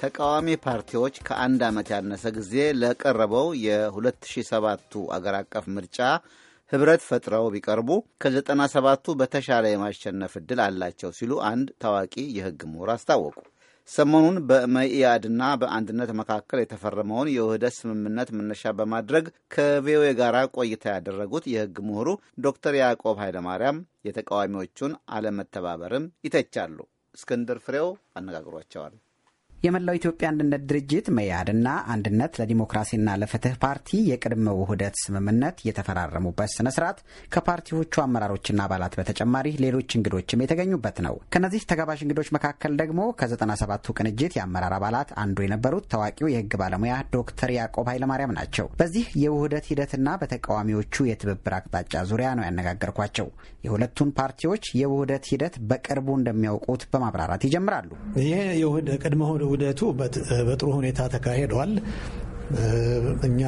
ተቃዋሚ ፓርቲዎች ከአንድ ዓመት ያነሰ ጊዜ ለቀረበው የ2007ቱ አገር አቀፍ ምርጫ ህብረት ፈጥረው ቢቀርቡ ከ 97 በተሻለ የማሸነፍ ዕድል አላቸው ሲሉ አንድ ታዋቂ የሕግ ምሁር አስታወቁ። ሰሞኑን በመኢአድና በአንድነት መካከል የተፈረመውን የውህደት ስምምነት መነሻ በማድረግ ከቪኦኤ ጋር ቆይታ ያደረጉት የህግ ምሁሩ ዶክተር ያዕቆብ ኃይለማርያም የተቃዋሚዎቹን አለመተባበርም ይተቻሉ። እስክንድር ፍሬው አነጋግሯቸዋል። የመላው ኢትዮጵያ አንድነት ድርጅት መያድና አንድነት ለዲሞክራሲና ለፍትህ ፓርቲ የቅድመ ውህደት ስምምነት የተፈራረሙበት ስነ ስርዓት ከፓርቲዎቹ አመራሮችና አባላት በተጨማሪ ሌሎች እንግዶችም የተገኙበት ነው። ከነዚህ ተጋባዥ እንግዶች መካከል ደግሞ ከ 97 ቅንጅት የአመራር አባላት አንዱ የነበሩት ታዋቂው የህግ ባለሙያ ዶክተር ያዕቆብ ኃይለማርያም ናቸው። በዚህ የውህደት ሂደትና በተቃዋሚዎቹ የትብብር አቅጣጫ ዙሪያ ነው ያነጋገርኳቸው። የሁለቱን ፓርቲዎች የውህደት ሂደት በቅርቡ እንደሚያውቁት በማብራራት ይጀምራሉ። ይህ ዑደቱ በጥሩ ሁኔታ ተካሂዷል። እኛ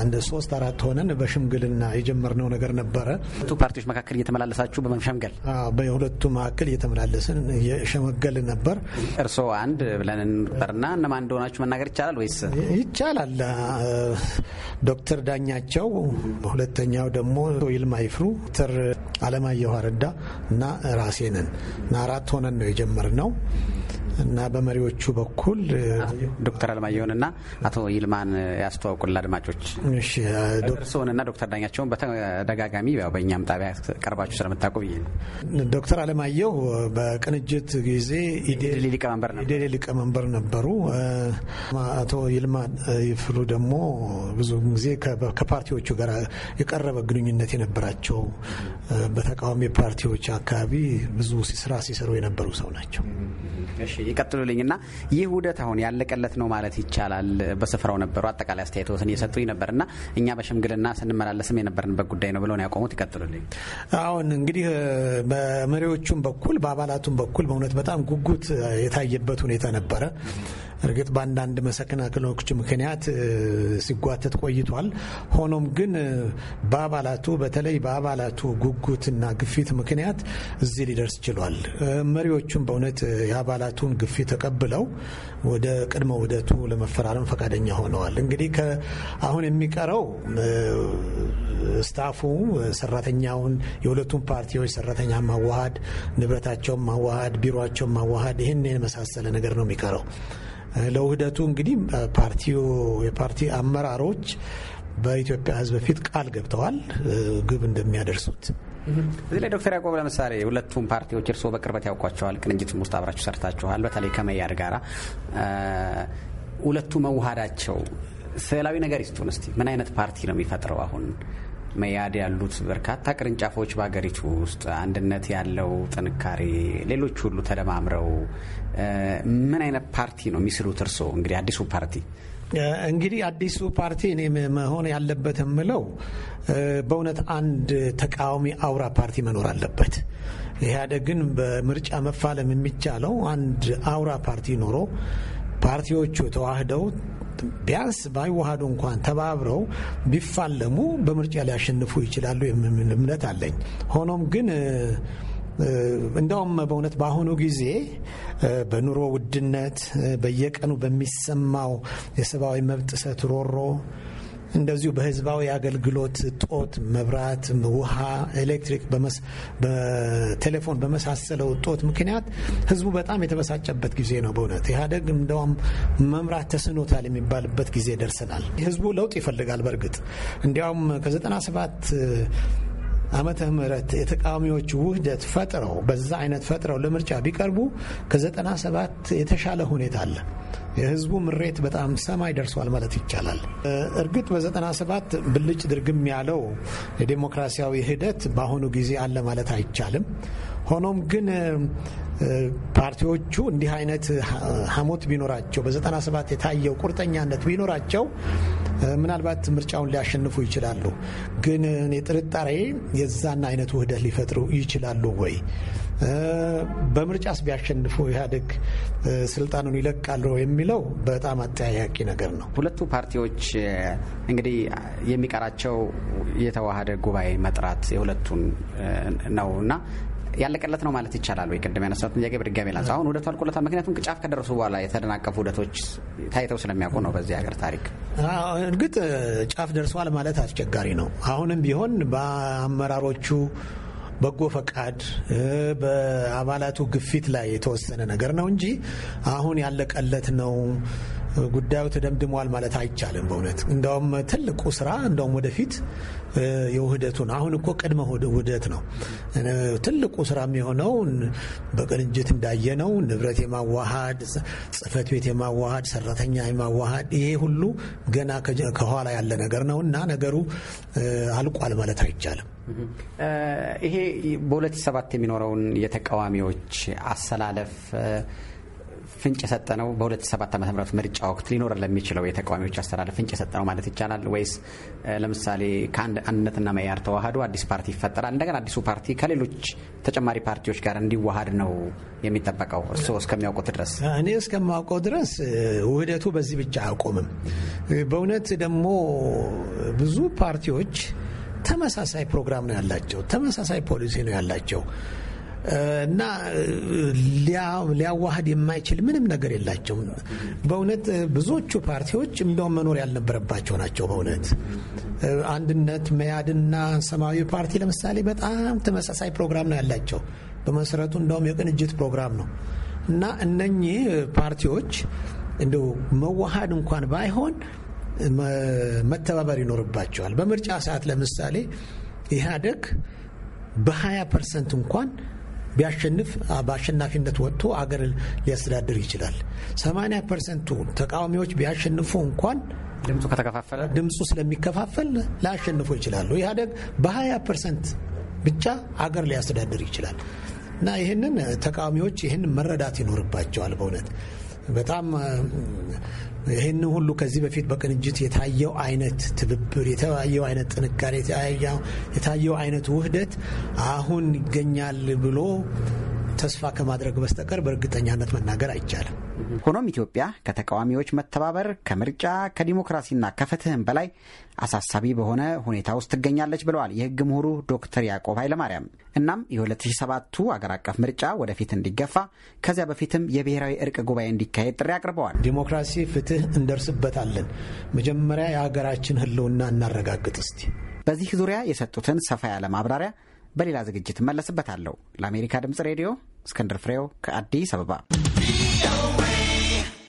አንድ ሶስት አራት ሆነን በሽምግልና የጀመርነው ነገር ነበረ። ሁለቱ ፓርቲዎች መካከል እየተመላለሳችሁ በመሸምገል በሁለቱ መካከል እየተመላለስን እየሸመገል ነበር። እርስዎ አንድ ብለን እንቁጠርና እነማን እንደሆናችሁ መናገር ይቻላል ወይስ? ይቻላል። ዶክተር ዳኛቸው፣ ሁለተኛው ደግሞ ይልማ ይፍሩ፣ ዶክተር አለማየሁ አረዳ እና ራሴ ነን እና አራት ሆነን ነው የጀመርነው። እና በመሪዎቹ በኩል ዶክተር አለማየሁን እና አቶ ይልማን ያስተዋውቁላ አድማጮች እርስዎን እና ዶክተር ዳኛቸውን በተደጋጋሚ በእኛም ጣቢያ ቀርባችሁ ስለምታውቁ ብዬ ነው። ዶክተር አለማየሁ በቅንጅት ጊዜ ኢዴሊ ሊቀመንበር ነበሩ። አቶ ይልማን ይፍሉ ደግሞ ብዙ ጊዜ ከፓርቲዎቹ ጋር የቀረበ ግንኙነት የነበራቸው በተቃዋሚ ፓርቲዎች አካባቢ ብዙ ስራ ሲሰሩ የነበሩ ሰው ናቸው። ይቀጥሉልኝና ይህ ውህደት አሁን ያለቀለት ነው ማለት ይቻላል። በስፍራው ነበሩ አጠቃላይ አስተያየቶትን እየሰጡኝ ነበርና እኛ በሽምግልና ስንመላለስም የነበርንበት ጉዳይ ነው ብለውን ያቆሙት። ይቀጥሉልኝ። አሁን እንግዲህ በመሪዎቹም በኩል በአባላቱም በኩል በእውነት በጣም ጉጉት የታየበት ሁኔታ ነበረ። እርግጥ በአንዳንድ መሰናክሎች ምክንያት ሲጓተት ቆይቷል። ሆኖም ግን በአባላቱ በተለይ በአባላቱ ጉጉትና ግፊት ምክንያት እዚህ ሊደርስ ችሏል። መሪዎቹም በእውነት የአባላቱን ግፊት ተቀብለው ወደ ቅድመ ውህደቱ ለመፈራረም ፈቃደኛ ሆነዋል። እንግዲህ አሁን የሚቀረው ስታፉ ሰራተኛውን የሁለቱም ፓርቲዎች ሰራተኛ ማዋሃድ፣ ንብረታቸውን ማዋሃድ፣ ቢሮቸውን ማዋሃድ ይህን የመሳሰለ ነገር ነው የሚቀረው። ለውህደቱ እንግዲህ ፓርቲው የፓርቲ አመራሮች በኢትዮጵያ ሕዝብ ፊት ቃል ገብተዋል ግብ እንደሚያደርሱት። እዚህ ላይ ዶክተር ያቆብ ለምሳሌ ሁለቱም ፓርቲዎች እርስዎ በቅርበት ያውቋቸዋል፣ ቅንጅትም ውስጥ አብራችሁ ሰርታችኋል። በተለይ ከመያድ ጋራ ሁለቱ መዋሃዳቸው ስዕላዊ ነገር ይስጡን እስቲ። ምን አይነት ፓርቲ ነው የሚፈጥረው አሁን መያድ ያሉት በርካታ ቅርንጫፎች በሀገሪቱ ውስጥ አንድነት ያለው ጥንካሬ፣ ሌሎች ሁሉ ተደማምረው ምን አይነት ፓርቲ ነው የሚስሉት? እርስዎ እንግዲህ አዲሱ ፓርቲ እንግዲህ አዲሱ ፓርቲ እኔ መሆን ያለበት የምለው በእውነት አንድ ተቃዋሚ አውራ ፓርቲ መኖር አለበት። ኢህአዴግን በምርጫ መፋለም የሚቻለው አንድ አውራ ፓርቲ ኖሮ ፓርቲዎቹ ተዋህደው ቢያንስ ባይዋሃዱ እንኳን ተባብረው ቢፋለሙ በምርጫ ሊያሸንፉ ይችላሉ የሚል እምነት አለኝ። ሆኖም ግን እንደውም በእውነት በአሁኑ ጊዜ በኑሮ ውድነት በየቀኑ በሚሰማው የሰብአዊ መብት ጥሰት ሮሮ እንደዚሁ በህዝባዊ አገልግሎት ጦት መብራት፣ ውሃ፣ ኤሌክትሪክ፣ በቴሌፎን በመሳሰለው ጦት ምክንያት ህዝቡ በጣም የተበሳጨበት ጊዜ ነው። በእውነት ኢህአዴግ እንደውም መምራት ተስኖታል የሚባልበት ጊዜ ደርሰናል። ህዝቡ ለውጥ ይፈልጋል። በእርግጥ እንዲያውም ከ97 ዓመተ ምህረት የተቃዋሚዎች ውህደት ፈጥረው በዛ አይነት ፈጥረው ለምርጫ ቢቀርቡ ከ97 የተሻለ ሁኔታ አለ። የህዝቡ ምሬት በጣም ሰማይ ደርሷል ማለት ይቻላል። እርግጥ በ97 ብልጭ ድርግም ያለው የዴሞክራሲያዊ ሂደት በአሁኑ ጊዜ አለ ማለት አይቻልም። ሆኖም ግን ፓርቲዎቹ እንዲህ አይነት ሀሞት ቢኖራቸው በ97 የታየው ቁርጠኛነት ቢኖራቸው ምናልባት ምርጫውን ሊያሸንፉ ይችላሉ። ግን እኔ ጥርጣሬ የዛን አይነት ውህደት ሊፈጥሩ ይችላሉ ወይ በምርጫስ ቢያሸንፉ ኢህአዴግ ስልጣኑን ይለቃሉ የሚለው በጣም አጠያያቂ ነገር ነው። ሁለቱ ፓርቲዎች እንግዲህ የሚቀራቸው የተዋሃደ ጉባኤ መጥራት የሁለቱን ነው እና ያለቀለት ነው ማለት ይቻላል ወይ? ቅድም ያነሳት ጥያቄ በድጋሚ ላንሳ። አሁን ሁደቱ አልቆለታል። ምክንያቱም ጫፍ ከደረሱ በኋላ የተደናቀፉ ሁደቶች ታይተው ስለሚያውቁ ነው በዚህ ሀገር ታሪክ። እርግጥ ጫፍ ደርሰዋል ማለት አስቸጋሪ ነው። አሁንም ቢሆን በአመራሮቹ በጎ ፈቃድ በአባላቱ ግፊት ላይ የተወሰነ ነገር ነው እንጂ አሁን ያለቀለት ነው ጉዳዩ ተደምድመዋል ማለት አይቻልም። በእውነት እንደውም ትልቁ ስራ እንደውም ወደፊት የውህደቱን አሁን እኮ ቅድመ ውህደት ነው ትልቁ ስራ የሚሆነው በቅንጅት እንዳየነው ንብረት የማዋሃድ ጽህፈት ቤት የማዋሃድ ሰራተኛ የማዋሃድ ይሄ ሁሉ ገና ከኋላ ያለ ነገር ነው እና ነገሩ አልቋል ማለት አይቻልም። ይሄ በሁለት ሺህ የሚኖረውን የተቃዋሚዎች አሰላለፍ ፍንጭ የሰጠ ነው በ2007 ዓ ም ምርጫ ወቅት ሊኖር ለሚችለው የተቃዋሚዎች አስተላለፍ ፍንጭ የሰጠ ነው ማለት ይቻላል ወይስ ለምሳሌ ከአንድነትና መያር ተዋህዶ አዲስ ፓርቲ ይፈጠራል እንደገና አዲሱ ፓርቲ ከሌሎች ተጨማሪ ፓርቲዎች ጋር እንዲዋሃድ ነው የሚጠበቀው እርስዎ እስከሚያውቁት ድረስ እኔ እስከማውቀው ድረስ ውህደቱ በዚህ ብቻ አያቆምም በእውነት ደግሞ ብዙ ፓርቲዎች ተመሳሳይ ፕሮግራም ነው ያላቸው ተመሳሳይ ፖሊሲ ነው ያላቸው እና ሊያዋህድ የማይችል ምንም ነገር የላቸውም። በእውነት ብዙዎቹ ፓርቲዎች እንደውም መኖር ያልነበረባቸው ናቸው። በእውነት አንድነት መያድና ሰማያዊ ፓርቲ ለምሳሌ በጣም ተመሳሳይ ፕሮግራም ነው ያላቸው። በመሰረቱ እንደውም የቅንጅት ፕሮግራም ነው እና እነኚህ ፓርቲዎች እንደው መዋሃድ እንኳን ባይሆን መተባበር ይኖርባቸዋል። በምርጫ ሰዓት ለምሳሌ ኢህአደግ በ20 ፐርሰንት እንኳን ቢያሸንፍ በአሸናፊነት ወጥቶ አገር ሊያስተዳድር ይችላል። 80 ፐርሰንቱ ተቃዋሚዎች ቢያሸንፉ እንኳን ድምፁ ከተከፋፈለ ድምፁ ስለሚከፋፈል ላያሸንፉ ይችላሉ። ኢህአደግ በ20 ፐርሰንት ብቻ አገር ሊያስተዳድር ይችላል እና ይህንን ተቃዋሚዎች ይህን መረዳት ይኖርባቸዋል። በእውነት በጣም ይህን ሁሉ ከዚህ በፊት በቅንጅት የታየው አይነት ትብብር፣ የታየው አይነት ጥንካሬ፣ የታየው አይነት ውህደት አሁን ይገኛል ብሎ ተስፋ ከማድረግ በስተቀር በእርግጠኛነት መናገር አይቻልም። ሆኖም ኢትዮጵያ ከተቃዋሚዎች መተባበር ከምርጫ ከዲሞክራሲና ከፍትህም በላይ አሳሳቢ በሆነ ሁኔታ ውስጥ ትገኛለች ብለዋል የህግ ምሁሩ ዶክተር ያዕቆብ ኃይለማርያም። እናም የ2007ቱ አገር አቀፍ ምርጫ ወደፊት እንዲገፋ ከዚያ በፊትም የብሔራዊ እርቅ ጉባኤ እንዲካሄድ ጥሪ አቅርበዋል። ዲሞክራሲ፣ ፍትህ እንደርስበታለን። መጀመሪያ የሀገራችን ህልውና እናረጋግጥ እስቲ። በዚህ ዙሪያ የሰጡትን ሰፋ ያለ ማብራሪያ በሌላ ዝግጅት እመለስበታለሁ። ለአሜሪካ ድምፅ ሬዲዮ እስክንድር ፍሬው ከአዲስ አበባ